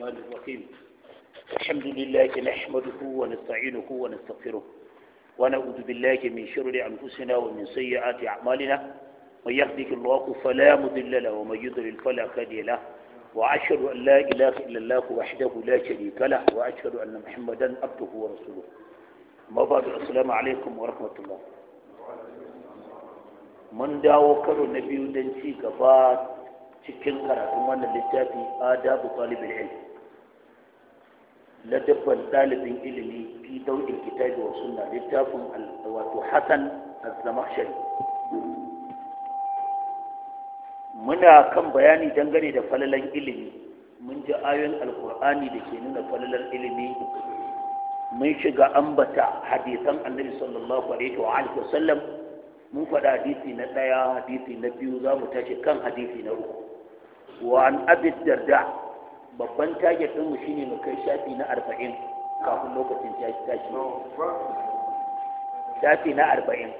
الرحمن الرحيم الحمد لله نحمده ونستعينه ونستغفره ونعوذ بالله من شرور أنفسنا ومن سيئات أعمالنا من يهدك الله فلا مضل له ومن يضلل فلا هادي له وأشهد أن لا إله إلا الله وحده لا شريك له وأشهد أن محمدا عبده ورسوله ما بعد السلام عليكم ورحمة الله من داو كرو نبي دنسي كفات cikin karatun wannan littafi adabu talibul ilm ladabban ɗalibin ilimi fi daudin kitabi wa sunna littafin wato hasan az-zamakhshari muna kan bayani dangane da falalan ilimi mun ji ayoyin alkur'ani da ke nuna falalan ilimi mun shiga ambata hadisan annabi sallallahu alaihi wa alihi wasallam mun faɗa hadisi na ɗaya hadisi na biyu za mu tashi kan hadisi na uku wa an darda babban target din mu shine mu kai shafi na arba'in kafin lokacin tashi shafi na arba'in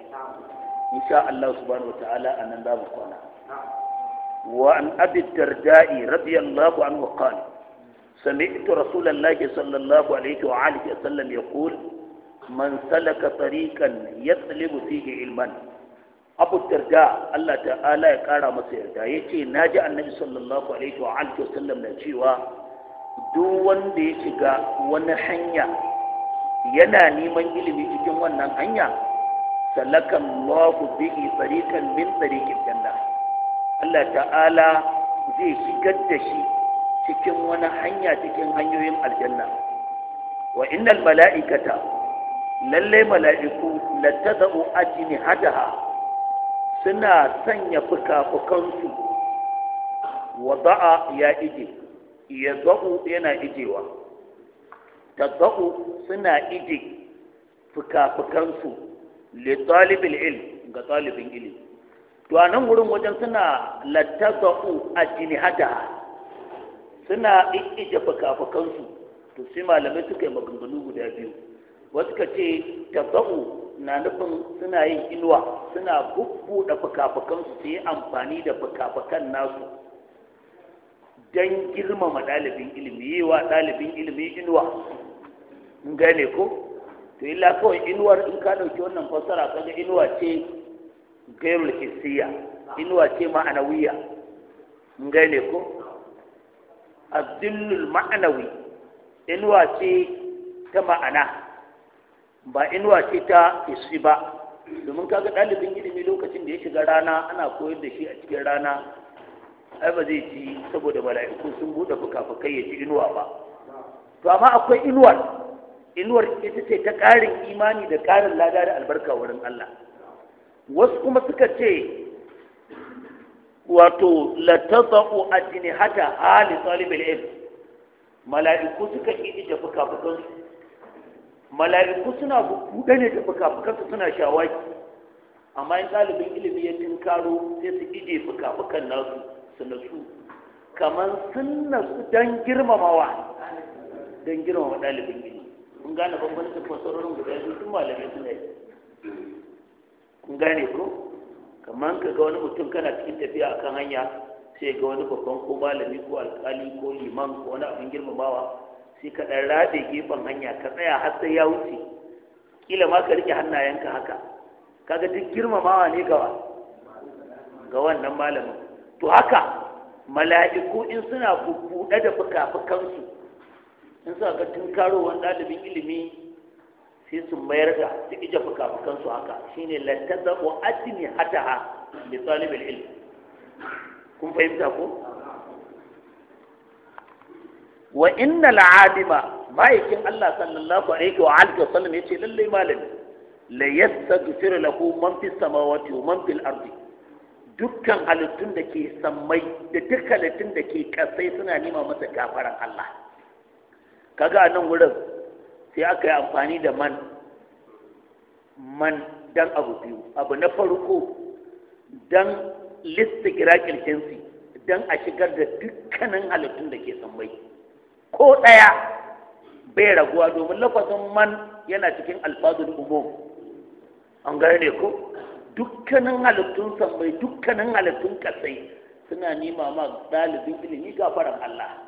insha Allah subhanahu wataala anan za mu kwana wa an abid darda'i radiyallahu anhu qala سمعت رسول الله صلى الله عليه وآله وسلم يقول من سلك طريقا يطلب فيه علما abu darda Allah ta'ala ya kara masa yarda ya ce na ji annabi sallallahu alaihi wa alihi wa sallam na cewa duk wanda ya shiga wani hanya yana neman ilimi cikin wannan hanya salaka Allahu bihi tariqan min tariqil janna Allah ta'ala zai shigar da shi cikin wani hanya cikin hanyoyin aljanna wa innal mala'ikata lalle mala'iku latadau ajni hadaha suna sanya fuka-fukansu wada'a ya ije ya za'u yana ijewa ta za'u suna ije fuka-fukansu le talibin il ga talibin ili to a nan wurin wajen suna latta za'u a suna ije fuka-fukansu to sai malamai suka yi maganganu guda biyu wasu ka ce ta za'u na nufin suna yin inuwa suna bubbuɗe fuka-fukansu su yi amfani da fuka-fukan nasu don girmama ɗalibin ilimi yi wa ɗalibin ilimi inuwa gane ko to illa kawai inuwar in ka ɗauki wannan fassara kaga inuwa ce gairul hissiya inuwa ce ma'anawiya gane ko azillul ma'anawi inuwa ce ta ma'ana ba inuwa ce ta isi ba domin kaga ɗalibin ilimi lokacin da ya shiga rana ana koyar da shi a cikin rana ai ba zai ji saboda mala'iku sun buɗe fuka-fukai ya ji inuwa ba to amma akwai inuwar inuwar ita ce ta ƙarin imani da ƙarin lada da albarka wurin Allah wasu kuma suka ce wato lataza'u hata hali talibul ilm mala'iku suka ƙi da fuka-fukansu mala'iku suna buɗe ne da fuka-fukansu suna shawaki amma in ɗalibin ilimi ya tinkaro sai su ije fuka-fukan nasu su nasu kamar sun nasu don girmamawa don girmama ɗalibin ilimi kun gane bambancin fasarorin guda su tun malamai suna yi kun gane ko kamar ka ga wani mutum kana cikin tafiya akan hanya sai ga wani babban ko malami ko alƙali ko liman ko wani abin girmamawa sai ka ɗan rabe gefen hanya ka tsaya har sai ya wuce kila ma ka rike hannayenka haka kaga duk girmamawa ne gawa ga wannan malamin to haka mala'iku in suna buɗe da fuka-fukansu in suka ga tunkarowar ɗalibin ilimi sai su mayar da su ije fuka-fukansu haka shine lantazabu atini hataha li talibul ilm kun fahimta ko wa innal alima ma'aikin Allah sallallahu alaihi wa alihi wa sallam yace lallai malami la yastaghfiru lahu man fis samawati wa man fil dukkan halittun da ke sammai da duk halittun da ke kasai suna nema masa gafaran Allah kaga a nan wurin sai aka yi amfani da man man dan abu biyu abu na farko dan listigrakin jinsi dan a shigar da dukkanin halittun da ke sammai ko ɗaya bai raguwa domin lafazin man yana cikin alfazul umum an gane ko dukkanin halittun sammai dukkanin halittun kasai suna nima ma ɗalibin ilimi gafarar Allah